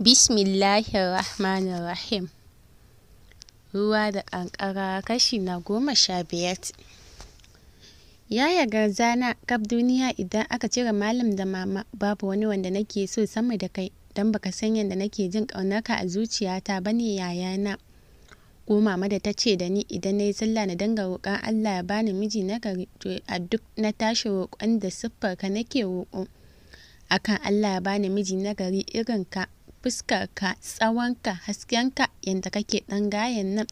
ir-rahim Ruwa da ƙanƙara kashi na goma sha biyar. Yaya garza na kaf duniya idan aka cire malam da mama babu wani wanda nake so sama da kai don baka san yadda nake jin ƙaunarka a zuciyata bane yayana. Ko mama da ta ce da ni idan na yi sallah na danga roƙon Allah ya bani miji na gari to a duk na tashi roƙon da siffarka nake roƙo. Akan Allah ya bani miji na gari irin ka Fuskar ka, tsawonka haskenka yadda kake ɗan gayen nan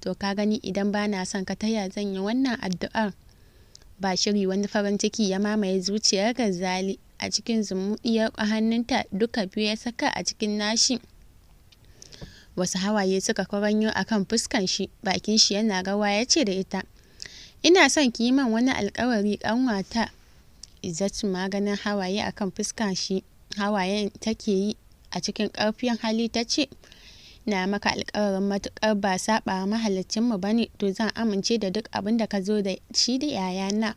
to ka gani idan ba na son ka taya zan yi wannan addu'ar ba shiri wani farin ciki ya mamaye zuciyar gazali a cikin zumuɗiyar hannunta duka biyu ya saka a cikin nashi wasu hawaye suka kwaranyo a kan fuskan shi bakin shi yana rawa ya ce da ita ina son ki man wani alkawari kanwata. izzatu maganin hawaye a kan fuskan shi hawayen take yi a cikin ƙarfin hali ta ce na maka alƙawarin matuƙar ba saɓa mahalicin ba ne to zan amince da duk abin da ka zo da shi da yayana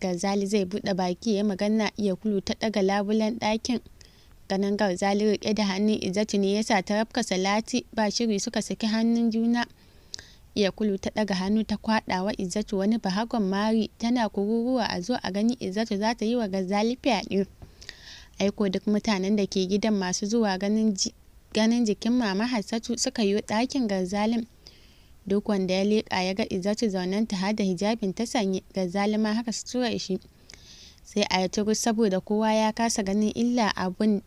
garzali zai buɗe baki ya magana iya kulu ta ɗaga labulen ɗakin ganin garzali riƙe da hannun izzati ne yasa ta rafka salati ba shiri suka saki hannun juna iya kulu ta ɗaga hannu ta kwaɗa wa izzatu wani bahagon mari tana kururuwa a zo a gani izzatu za ta yi wa garzali fyaɗe aiko duk mutanen da ke gidan masu zuwa ganin jikin mama hassatu suka yi ɗakin garzalin duk wanda ya leƙa ya ga izzatu zaunen ta hada hijabin ta sanye garzalin ma haka su tura shi sai a yi saboda kowa ya kasa ganin illa abun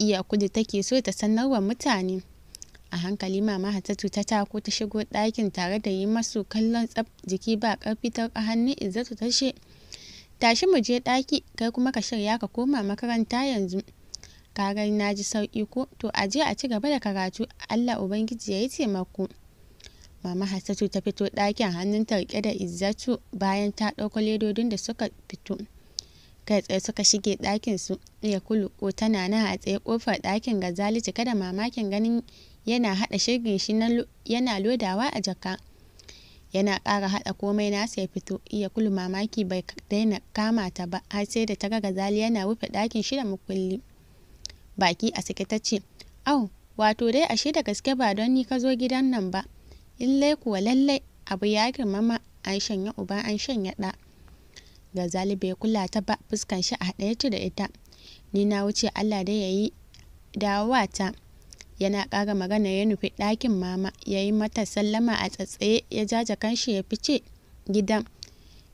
iya kudu take so ta sanarwa mutane a hankali mama Hassatu ta tako ta shigo ɗakin tare da yi masu kallon tsab jiki ba ƙarfi ta hannun izzatu ta she tashi mu je ɗaki kai kuma ka shirya ka koma makaranta yanzu karai na ji sauki ko to a je a ci gaba da karatu Allah ubangiji ya yi taimako mama Hassatu ta fito ɗakin hannun ta rike da Izzatu bayan ta ɗauko ledodin da suka fito kai tsaye suka shige ɗakin su ya kulu ko tana nan a tsaye ƙofar ɗakin zali cike da mamakin ganin yana haɗa shirgin shi yana lodawa a jaka yana ƙara haɗa komai nasa ya fito iya kulu mamaki bai daina kama ta ba har sai da ta ga gazali yana rufe ɗakin shi da mukulli baki a sake ta ce au wato dai ashe da gaske ba don ni ka zo gidan nan ba illai kuwa lallai abu ya girmama an shanya uba an shanya ɗa gazali bai kula ta ba fuskan shi a haɗe da ita ni na wuce allah dai ya yi ta. yana ƙara magana ya nufi ɗakin mama ya yi mata sallama a tsatsaye ya jaja kanshi ya fice gidan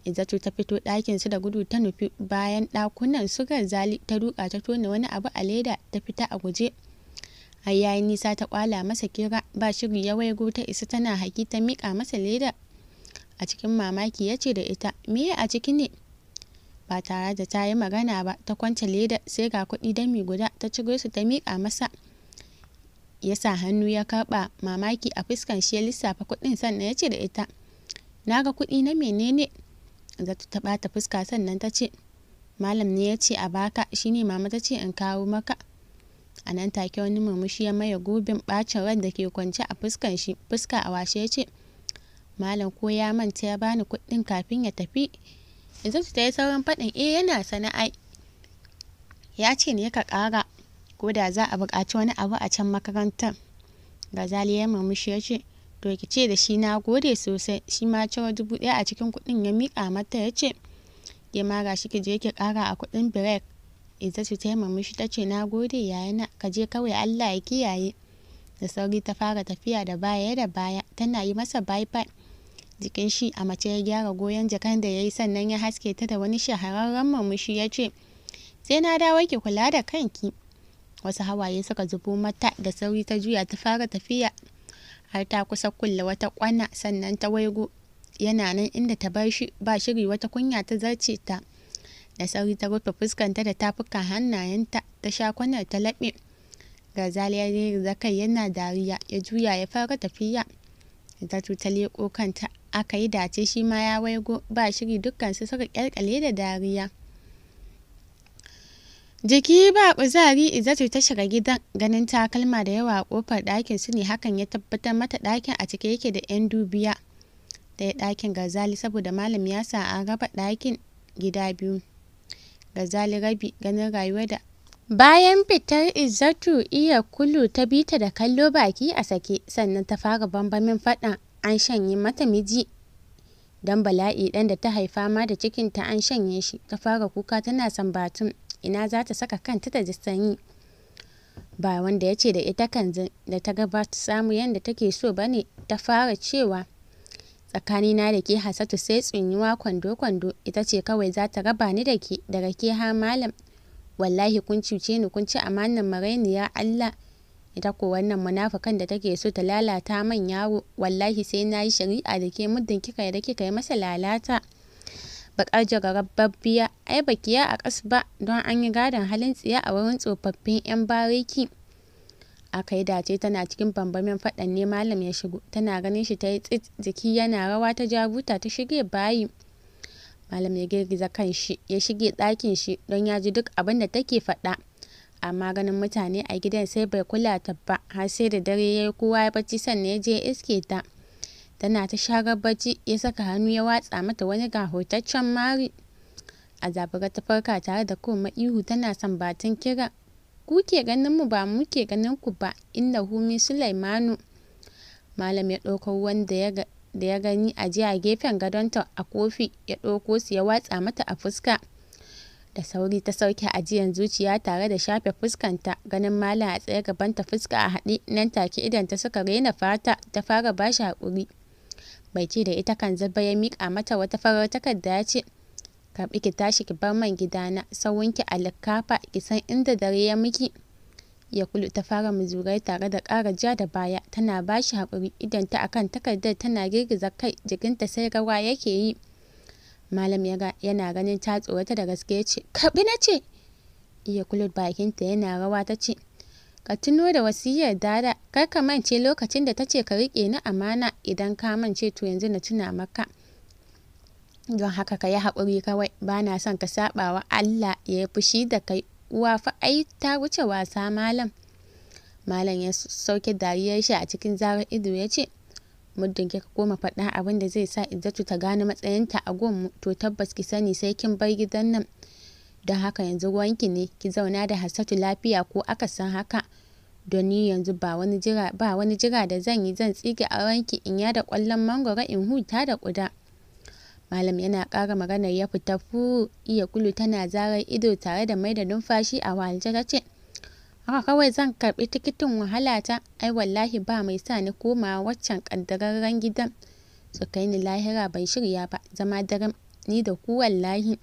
izatu ta fito ɗakin su da gudu ta nufi bayan ɗakunan su zali ta duka ta tona wani abu a leda ta fita a guje. Har yayi nisa ta kwala masa kira ba shiri ya waigo ta isa tana haki ta mika masa leda. A cikin mamaki ya ce da ita meye a ciki ne? Ba tare da ta yi magana ba ta kwance leda sai ga kuɗi dami guda ta cire su ta mika masa. ya sa hannu ya karɓa mamaki a fuskan shi ya lissafa kuɗin sannan ya ce da ita na ga kuɗi na menene zato ta ɓata fuska sannan ta ce malam ne ya ce a baka shine mama ta ce in kawo maka a nan take wani murmushi ya maye gubin ɓacin ran da ke kwance a fuskan shi fuska a washe ya ce malam ko ya manta ya bani kuɗin kafin ya tafi yanzu ta yi sauran faɗin eh yana sana'a. ya ce ne ka ƙara ko da za a buƙaci wani abu a can makarantar. Ghazali ya murmushi ya ce, To ki ce da shi na gode sosai, shi ma ciro dubu ɗaya a cikin kuɗin ya miƙa mata ya ce, Ke ma ga shi ki je ki ƙara a kuɗin birek. Izzatu ta yi murmushi ta ce, Na gode yayana, ka je kawai Allah ya kiyaye. Da sauri ta fara tafiya da baya da baya, tana yi masa bye-bye. Jikin shi a mace ya gyara goyon jakan da ya yi sannan ya haske ta da wani shahararren murmushi ya ce, Sai na dawo ki kula da kanki. wasu hawaye suka zubo mata da sauri ta juya ta fara tafiya har ta kusa kulle wata kwana sannan ta waigo yana nan inda ta bar shi ba shiri wata kunya ta zarce ta da sauri ta rufe fuskanta da tafuka hannayenta ta sha kwanar ta laɓe gazali ya rera yana dariya ya juya ya fara tafiya ta ta leƙo kanta aka yi dace shi ma ya waigo ba shiri dukkan su suka kyalkyale da dariya Jiki ba kuzari izatu ta shiga gidan ganin takalma da yawa a kofar ɗakin su ne hakan ya tabbatar mata ɗakin a cike yake da 'yan dubiya. ya ɗakin Gazali saboda malam ya sa an raba ɗakin gida biyu. Gazali rabi ganin rayuwa da Bayan fitar izatu iya kulu ta bi ta da kallo baki a sake sannan ta fara bambamin faɗan an shanye mata miji don bala'i ɗan da ta haifa ma da cikinta an shanye shi ta fara kuka tana sambatun ina za ta saka kanta ta ji sanyi ba wanda ya ce da ita kan da ta gaba ta samu yadda take so ba ne ta fara cewa tsakanina da ke hasatu sai tsinyuwa kwando-kwando ita ce kawai za ta raba ni da ke daga ke har malam wallahi kun cuce ni kun ci amanan marainiyar allah ita ko wannan munafukan da take so ta lalata man yaro wallahi sai na yi shari'a da ke muddin kika da kika yi masa lalata Baƙar jarababbiya ai bakiya a kas ba don an yi gadon halin tsiya a wurin tsofaffin 'yan bariki a kai dace tana cikin bambamin faɗan ne malam ya shigo tana ganin shi ta yi tsit jiki yana rawa ta jabuta ta shige bayi malam ya girgiza kan shi ya shige ɗakin shi don ya ji duk abin da take faɗa amma ganin mutane a gidan sai bai kula ta ba har sai da dare ya yi kowa ya bacci sannan ya je iske ta tana ta sharar bacci ya saka hannu ya watsa mata wani gahotaccen mari a zabura ta farka tare da koma ihu tana son batun kira ku ke ganin mu ba mu ke ganin ku ba inna humi sulaimanu malam ya ɗauko ruwan da ya gani a jiya gefen gadonta a kofi ya ɗauko su ya watsa mata a fuska da sauri ta sauke ajiyan zuciya tare da shafe fuskanta ganin malam a tsaye gabanta fuska a haɗe nan take idan ta suka rena fata ta fara bashi haƙuri Bai ce da ita kan zaba ya miƙa mata wata farar takarda ya ce karɓi ki tashi ki bar man gidana ki a likkafa ki san inda dare ya miki ya kulu ta fara muzurai tare da ƙara ja da baya tana ba shi haƙuri idan ta akan takardar tana girgiza kai jikinta sai rawa yake yi malam yana ganin ta tsorata da gaske ya ce karɓi na ce iya kulu bakinta yana rawa ta ce Ka tuno da wasiyar Dada, kar ka mance lokacin da ta ce ka riƙe ni amana idan ka mance to yanzu na tuna maka. Don haka ka yi haƙuri kawai, ba na son ka saɓa wa Allah ya yi fushi da kai, uwa fa ai ta wuce wasa malam. Malam ya sauke dariyar shi a cikin zarar ido ya ce, Muddin ka koma faɗa abin da zai sa Izzatu ta gane matsayinta a gonmu, to tabbas ki sani sai kin bar gidan nan. don haka yanzu ruwanki ne ki zauna da hassatu lafiya ko aka san haka don ni yanzu ba wani jira da zan yi zan tsige a wanki in ya da kwallon mangoro in huta da kuda malam yana ƙara maganar ya fita fu iya kulu tana zarar ido tare da maida numfashi a wahalce ta ce haka kawai zan karɓi tikitin wahalata ai wallahi ba mai sa ni koma waccan ƙaddararren gidan su kai ni lahira ban shirya ba zama daren ni da ku wallahi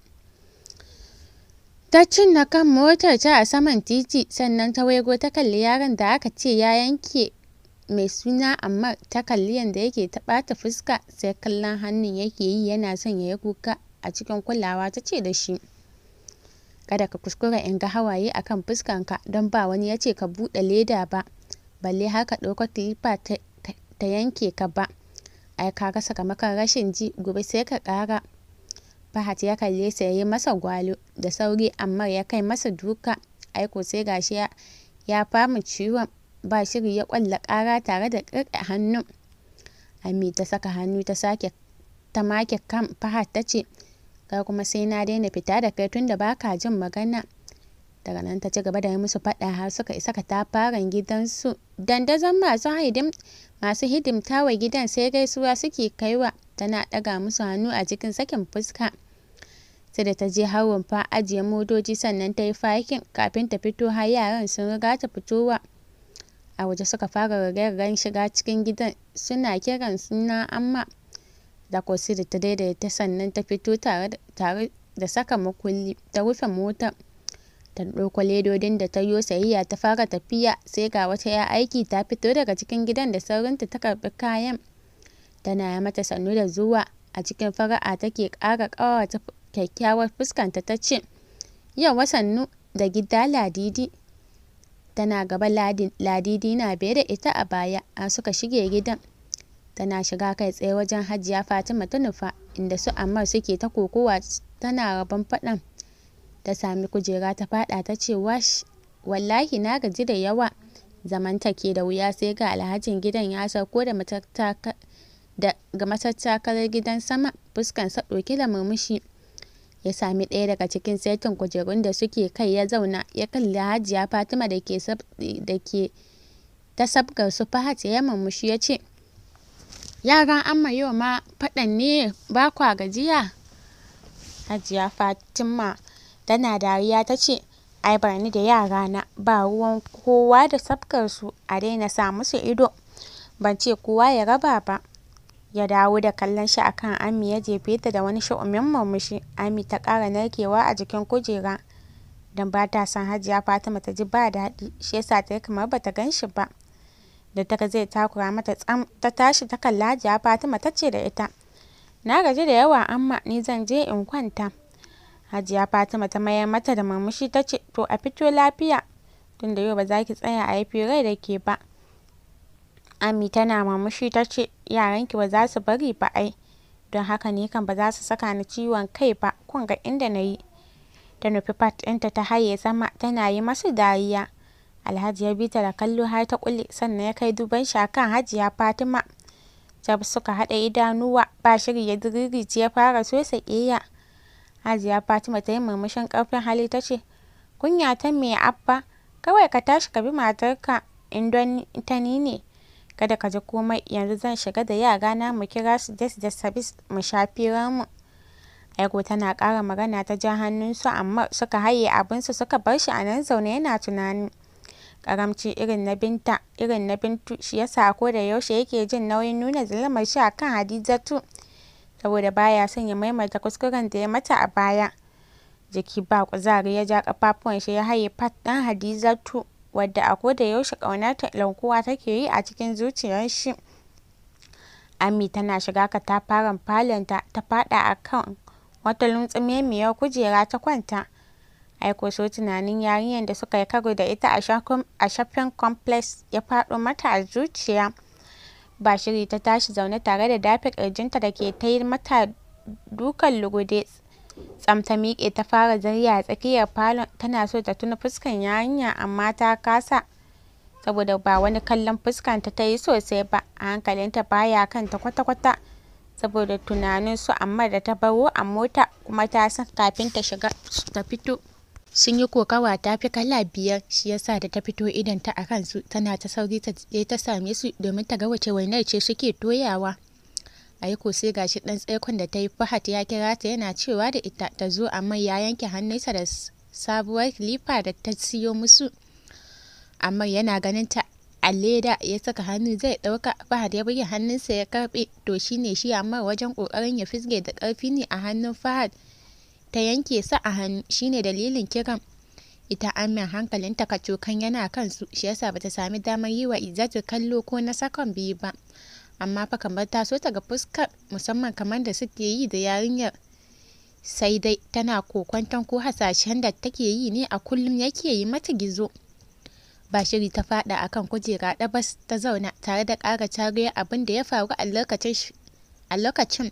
ta cinna kan motar ta a saman titi sannan ta waigo ta kalli yaron da aka ce ya yanke mai suna amma ta kalli yadda yake ta ɓata fuska sai kallon hannun yake yi yana son ya yi kuka a cikin kulawa ta ce da shi kada ka kuskura in ga hawaye a kan fuskanka don ba wani ya ce ka buɗe leda ba balle haka ɗauka kilifa ta yanke ka ba ai ka rasa sakamakon rashin ji gobe sai ka ƙara Fahad ya kalle sa ya yi masa gwalo da sauri amma ya kai masa duka aiko sai gashi ya ya famu ciwon ba shiri ya kwalla kara tare da kirka hannu Ami ta saka hannu ta sake ta make kan Fahad ta ce ga kuma sai na daina fita da kai tunda baka jin magana daga nan ta ci gaba da yi musu fada har suka isa ka fara gidansu dandazon masu haidin masu hidimta wa gidan sai gaisuwa suke kaiwa tana daga musu hannu a cikin sakin fuska sai da ta je har fa ajiye motoci sannan ta yi fakin kafin ta fito har yaran sun riga ta fitowa a waje suka fara ragayen shiga cikin gidan suna kiran suna amma da kwasi da ta daidaita sannan ta fito tare da saka makulli ta rufe motar ta ɗauko ledodin da ta yo sayayya ta fara tafiya sai ga wata ya aiki ta fito daga cikin gidan da saurinta ta karɓi kayan tana mata sannu da zuwa a cikin fara'a take ƙara ƙawata kyakkyawar fuskanta ta ce yawa sannu da gida ladidi tana gaba ladidi na biye da ita a baya a suka shige gidan tana shiga kai tsaye wajen hajiya fatima ta nufa inda su ammar suke ta kokowa tana rabon faɗan ta sami kujera ta faɗa ta ce wash wallahi na gaji da yawa zaman take da wuya sai ga alhajin gidan ya sauko da ga matattakalar gidan sama sa ɗauke da murmushi ya sami ɗaya daga cikin saitin kujerun da suke kai ya zauna ya kalli hajiya fatima da ke ta sabgar su fahad ya murmushi ya ce yaran amma yau ma faɗan ne ba kwa gajiya hajiya fatima Tana dariya ta ce, "Ai bar ni da yarana, ba ruwan kowa da sabgarsu, a daina sa musu ido, ban ce kowa ya raba ba." Ya dawo da kallon shi a kan Ami ya jefe ta da wani sha'umin murmushi, Ami ta kara narkewa a jikin kujera don ba ta san Hajiya Fatima ta ji ba daɗi, shi yasa sa ta yi kamar ba ta gan shi ba. Da ta ga zai takura mata tsam, ta tashi ta kalla Hajiya Fatima ta ce da ita, "Na gaji da yawa Amma, ni zan je in kwanta." Hajiya Fatima ta mayar mata da murmushi ta ce, To a fito lafiya, tunda yau ba za ki tsaya a yi rai da ke ba. Ami tana murmushi ta ce, Yaranki ba za su bari ba ai, don haka ne kan ba za su saka ni ciwon kai ba, kun ga inda na yi. Ta nufi fat ɗinta ta haye zama tana yi masu dariya. Alhaji ya bi ta da kallo har ta kulle sannan ya kai duban shi akan Hajiya Fatima. Jab suka haɗa idanuwa ba shiri ya diririci ya fara sosa iya. Hajiya Fatima ta yi murmushin ƙarfin hali ta ce, Kunya ta me abba, kawai ka tashi ka bi matarka in don ta ni ne. Kada ka ji komai yanzu zan shiga da yara na mu kira su des da sabis mu sha mu. Aiko tana ƙara magana ta ja hannunsu amma suka haye abinsu suka bar shi a nan zaune yana tunani. Karamci irin na binta, irin na bintu shi yasa ko da yaushe yake jin nauyin nuna zulumar shi a akan Hadizatu. saboda baya son ya maimaita kuskuren da ya mata a baya. Jiki ba kuzari ya ja kafafuwan shi ya haye Pat ɗin Hadizatu wadda a koda yaushe ƙaunar ta lankuwa take yi a cikin zuciyar shi. Ami tana shiga katafaren falonta ta ta faɗa akan wata luntsumemiyar kujera ta kwanta. aiko so tunanin yarinyar da suka yi karo da ita a shafin complex ya faɗo mata a zuciya ba shiri ta tashi zaune tare da dafe ƙirjinta da ke ta yi mata dukan lugude tsamta miƙe ta fara zariya a tsakiyar falon tana so ta tuna fuskan yarinya amma ta kasa saboda ba wani kallon fuskanta ta yi sosai ba a hankalinta baya ta kwata-kwata saboda tunanin su amma da ta baro a mota kuma ta san kafin ta shiga ta fito sun yi kokawa ta fi kala biyar shi yasa da ta fito idan ta a kansu tana ta sauri ta je ta same su domin ta ga wace wainar ce suke toyawa aiko sai gashi dan tsaikon da ta yi fahad ya kira ta yana cewa da ita ta zo amma ya yanke hannunsa da sabuwar kilifa da ta siyo musu amma yana ganin ta a leda ya saka hannu zai ɗauka fahad ya buge hannunsa ya karbe to shine shi amma wajen kokarin ya fisge da karfi ne a hannun fahad ta yanke su a hannu shine dalilin kiran ita amin hankalin kan yana kansu shi yasa bata sami damar yi wa izzatu kallo ko na sakon biyu ba amma fa kamar ta so ta ga fuskar musamman kamar da suke yi da yarinyar sai dai tana kokwanton ko hasashen da take yi ne a kullum yake yi mata gizo ba shiri ta fada akan kujera bas ta zauna tare da ƙara tarihi abin da ya faru a lokacin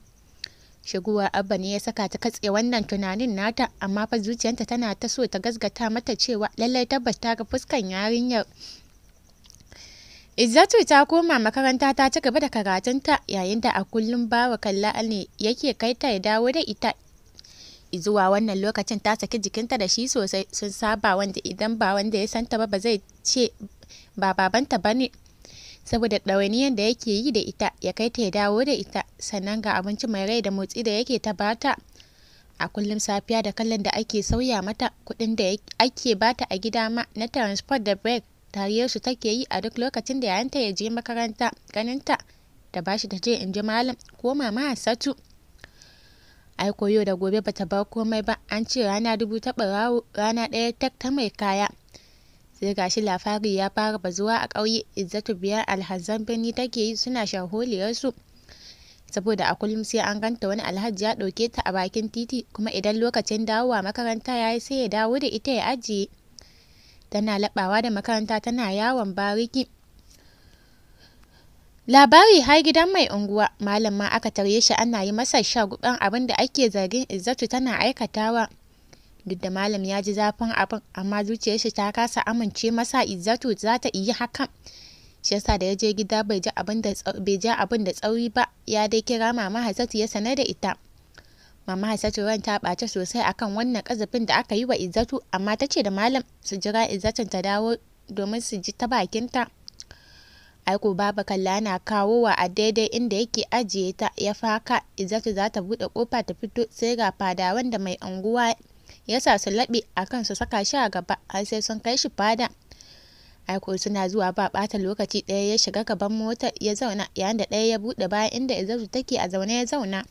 shiguwar abba ne ya saka ta katse wannan tunanin nata amma fa zuciyarta tana ta so ta gasgata mata cewa lallai tabbas ta ga fuskan yarinyar Izzatu ta koma makaranta ta ci gaba da karatunta yayin da a kullum bawa kalla ne yake kai ta ya dawo da ita zuwa wannan lokacin ta saki jikinta da shi sosai sun saba wanda idan ba wanda ya santa ba ba zai ce ba babanta ba ne. saboda ɗawainiyar da yake yi da ita ya kai ta ya dawo da ita sannan ga abinci mai rai da motsi da yake ta bata a kullum safiya da kallon da ake sauya mata kuɗin da ake bata a gida ma na transport da break tariyar su take yi a duk lokacin da yayanta ya je makaranta ganinta da bashi ta je in ji malam ko mama satu ai koyo da gobe bata bar komai ba an ce rana dubu ta ɓarawo rana ɗaya tak ta mai kaya sai gashi lafari ya fara bazuwa a ƙauye izzatu biyar alhazan birni take yi suna su saboda a kullum sai an ganta wani alhaji ya ɗauke ta a bakin titi kuma idan lokacin dawowa makaranta ya yi sai ya dawo da ita ya ajiye tana laɓawa da makaranta tana yawon bariki labari har gidan mai unguwa malam ma aka tarye shi ana yi masa shagudan abin da ake zargin izzatu tana aikatawa duk da malam ya ji zafin abin amma zuciyarsa ta kasa amince masa izzatu za ta iya hakan shi yasa da ya je gida bai ji abin da tsauri ba ya dai kira mama hasatu ya sanar da ita mama hasatu ran ta bace sosai akan wannan kazafin da aka yi wa Izzatu amma ta ce da malam su jira Izzatun ta dawo domin su ji ta bakinta aiko baba kalla na kawo wa a daidai inda yake ajiye ta ya faka Izzatu za ta buɗe kofa ta fito sai ga fadawan da mai anguwa ya sa su laɓe a kan su saka shi a gaba har sai sun kai shi fada aiko suna zuwa ba bata lokaci ɗaya ya shiga gaban mota ya zauna yayin da ɗaya ya buɗe baya inda Izatu take a zaune ya zauna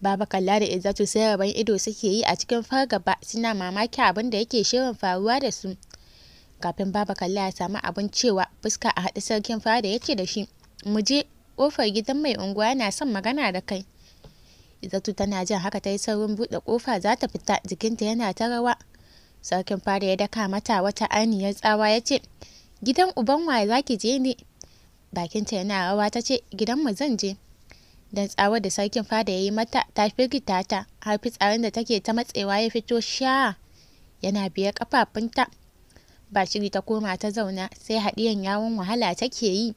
Baba kalla da Izatu sai rabon ido suke yi a cikin fargaba suna mamaki abin da yake shirin faruwa da su. Kafin Baba kalla ya samu abin cewa fuska a haɗe sarkin fada yake da shi, mu je ƙofar gidan mai unguwa yana son magana da kai. Zatu tana jin haka ta yi saurin buɗe ƙofa za ta fita jikinta yana ta rawa. Sarkin fada ya daka mata wata aniyar tsawa ya ce, Gidan uban waye za ki je ne? Bakinta yana rawa ta ce, Gidan mu zan je. Dan tsawar da sarkin fada ya yi mata ta firgita ta har fitsarin da take ta matsewa ya fito sha yana biyar kafafunta. Ba shiri ta koma ta zauna sai haɗiyan yawon wahala take yi.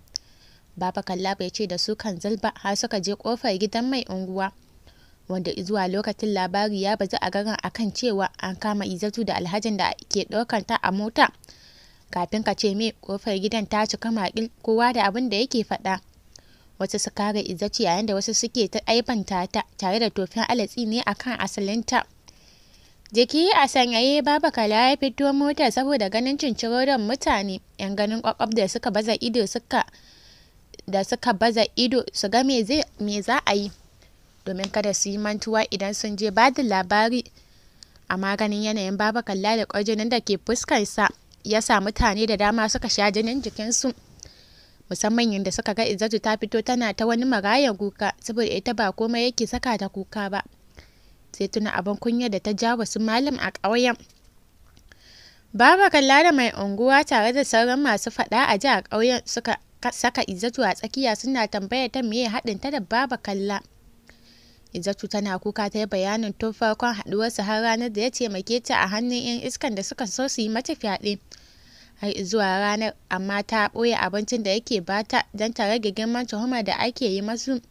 Baba Kalla ya ce da su kan zalba har suka je ƙofar gidan mai unguwa. wanda zuwa lokacin labari ya bazu a garin akan cewa an kama izatu da alhajin da ke ɗaukar ta a mota kafin ka ce me kofar gidan ta cika makil kowa da abin da yake faɗa wasu su kare izatu yayin da wasu suke ta aibanta ta tare da tofin alatsi ne akan asalinta jiki a sanyaye baba kala ya fito mota saboda ganin cincirodon mutane yan ganin kwakwab da suka baza ido da suka baza ido su ga me za a yi domin kada su yi mantuwa idan sun je ba da labari A maganin yanayin baba kalla da kwarjinin da ke fuskarsa ya sa mutane da dama suka sha jinin jikinsu musamman yadda suka ga Izatu ta fito tana ta wani maraya kuka saboda ita ba komai yake saka ta kuka ba sai tuna abin kunya da ta ja su malam a ƙauyen baba kalla da mai unguwa tare da sauran masu faɗa a ji a ƙauyen suka saka Izatu a tsakiya suna tambaya ta me haɗin ta da baba kalla Izzatu tana kuka ta yi bayanin tun farkon haɗuwarsa har ranar da ya taimake ta a hannun 'yan iskan da suka so su yi mata fyaɗe. Har zuwa ranar amma ta ɓoye abincin da yake bata don ta rage girman tuhumar da ake yi masu.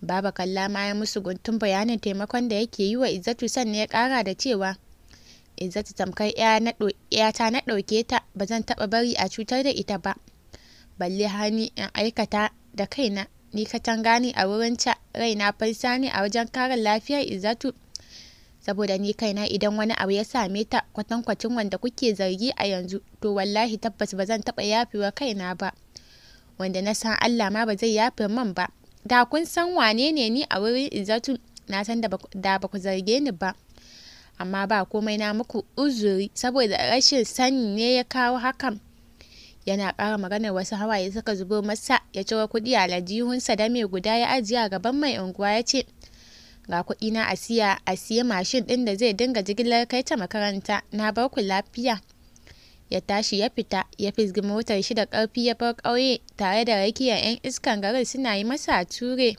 Baba kalla ma ya musu guntun bayanin taimakon da yake yi wa Izzatu sannan ya ƙara da cewa Izzatu tamkar ‘yata na ɗauke ta ba zan taɓa bari a cutar da ita ba. Balle hani in aikata da kaina ni katangani a wurin ca raina falsa ne a wajen karin lafiyar izatu. saboda ni kaina idan wani abu ya same ta kwatankwacin wanda kuke zargi a yanzu to wallahi tabbas ba zan taɓa yafewa kaina ba wanda na san Allah ma ba zai yafe man ba da kun san wane ne ni a wurin izatu? na san da ba ku zarge ni ba amma ba komai na muku uzuri saboda rashin sani ne ya kawo hakan yana ƙara maganar wasu hawaye suka zubo masa ya ciro kuɗi a lajihunsa da mai guda ya ajiya gaban mai unguwa ya ce ga kuɗi na a siya a siya mashin ɗin da zai dinga jigilar kai ta makaranta na bar ku lafiya ya tashi ya fita ya fisgi motar shi da ƙarfi ya bar ƙauye tare da rakiyar 'yan iskan garin suna yi masa a ture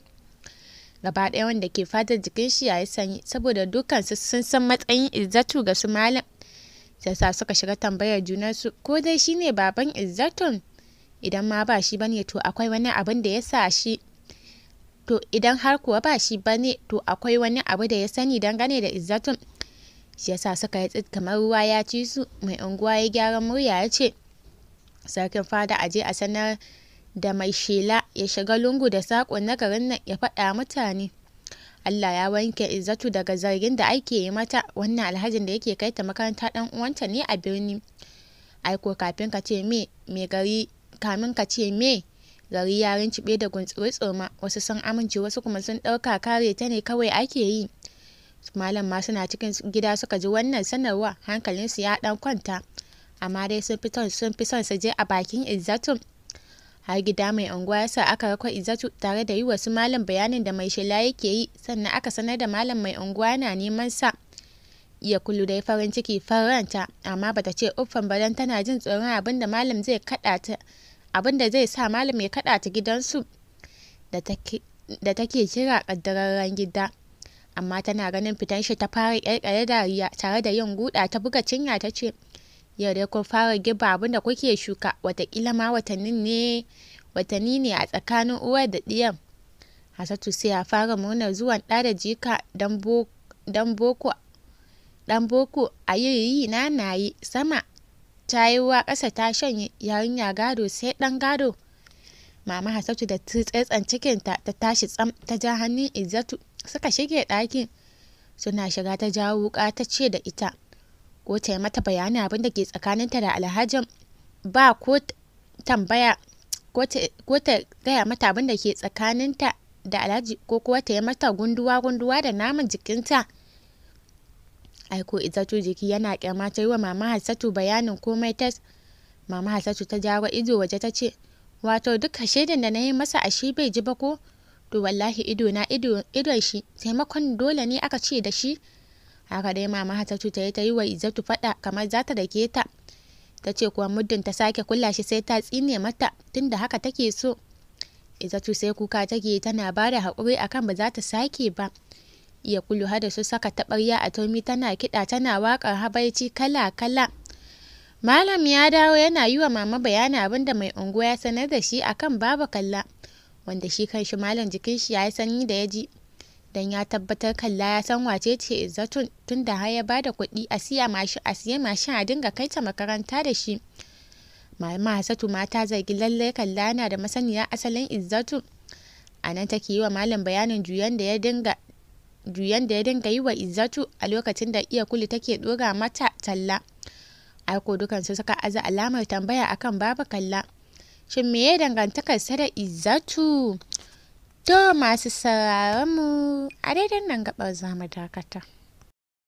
gaba ɗaya wanda ke fatar jikin shi ya yi sanyi saboda dukansu sun san matsayin izzatu ga su malam da sa suka shiga tambayar su ko dai shine baban Izzatun idan ma ba shi bane to akwai wani abin da ya sa shi to idan har kuwa ba shi bane to akwai wani abu da ya sani dangane da Izzatun shi yasa suka yi tsit kamar ruwa ya ci su mai unguwa ya gyara murya ya ce sarkin fada a je a sanar da mai shela ya shiga lungu da saƙon na garin nan ya faɗa mutane Allah ya wanke Izzatu daga zargin da ake yi mata wannan alhajin da yake kai ta makaranta dan uwanta ne a birni. Aiko kafin ka ce me me gari kamin ka ce me gari yarin cibe da guntsuri tsoma wasu sun amince wasu kuma sun ɗauka kare ta ne kawai ake yi. Malam ma suna cikin gida suka ji wannan sanarwa hankalinsu ya ɗan kwanta amma dai sun fi son su je a bakin izzatu har gida mai unguwa ya sa aka rako izatu tare da yi wasu malam bayanin da mai shela yake yi sannan aka sanar da malam mai unguwa na neman sa ya kullu dai farin ciki faranta amma bata ce uffan badan tana jin tsoron abin da malam zai kada ta abin da zai sa malam ya kada ta gidansu da take kira kaddararren gida amma tana ganin fitan shi ta fara kyalkyale dariya tare da yin guda ta buga cinya ta ce yau dai kun fara giba abin da kuke shuka watakila ma watanni ne watanni ne a tsakanin uwar da ɗiyan hasatu sai ya fara murnar zuwan ɗa da jika dan boko dan boko a yi na na yi sama ta yi wa ƙasa ta shanye yarinya gado sai ɗan gado mama hasatu da tsatsan cikinta ta tashi tsam ta ja hannun izzatu suka shige ɗakin suna shiga ta jawo wuƙa ta ce da ita ko ta yi mata bayanin abin da ke tsakaninta da alhajin ba ko tambaya ko ta gaya mata abin da ke tsakaninta da alhaji ko kuwa ta yi mata gunduwa gunduwa da naman jikinta aiko izatu jiki yana kyama ta yi wa mama hassatu bayanin komai ta mama hassatu ta jawo ido waje ta ce wato duka shaidan da na yi masa a shi bai ji ba ko to wallahi ido na idon shi taimakon dole ne aka ce da shi haka dai mama hasatu ta yi ta yi wa izzatu fada kamar zata ta dake ta ta ce kuwa muddin ta sake kula shi sai ta tsine mata tunda haka take so izzatu sai kuka take tana ba da haƙuri akan ba za ta sake ba iya kulu hada su saka taɓarya a tomi tana kiɗa tana waƙar habaici kala kala malam ya dawo yana yi wa mama bayanin abin da mai unguwa ya sanar da shi akan baba kalla wanda shi kan shi malam jikin shi ya yi sanyi da ya ji don ya tabbatar Kalla ya san wace ce Izzatun tunda har ya da kuɗi a siya mashi a siya mashin a dinga kai ta makaranta da shi. Mama hasatu ma ta zargi lallai Kalla yana da masaniya asalin izzatu A nan take yi wa malam bayanin juyan da ya dinga juyan da ya dinga yi wa Izzatu a lokacin da iya kuli take ɗora mata talla. Aiko su suka aza alamar tambaya akan babu Kalla. Shin me ya dangantakar sa da Izzatu? To masu sauraronmu a daidan nan gabar zamu dakata.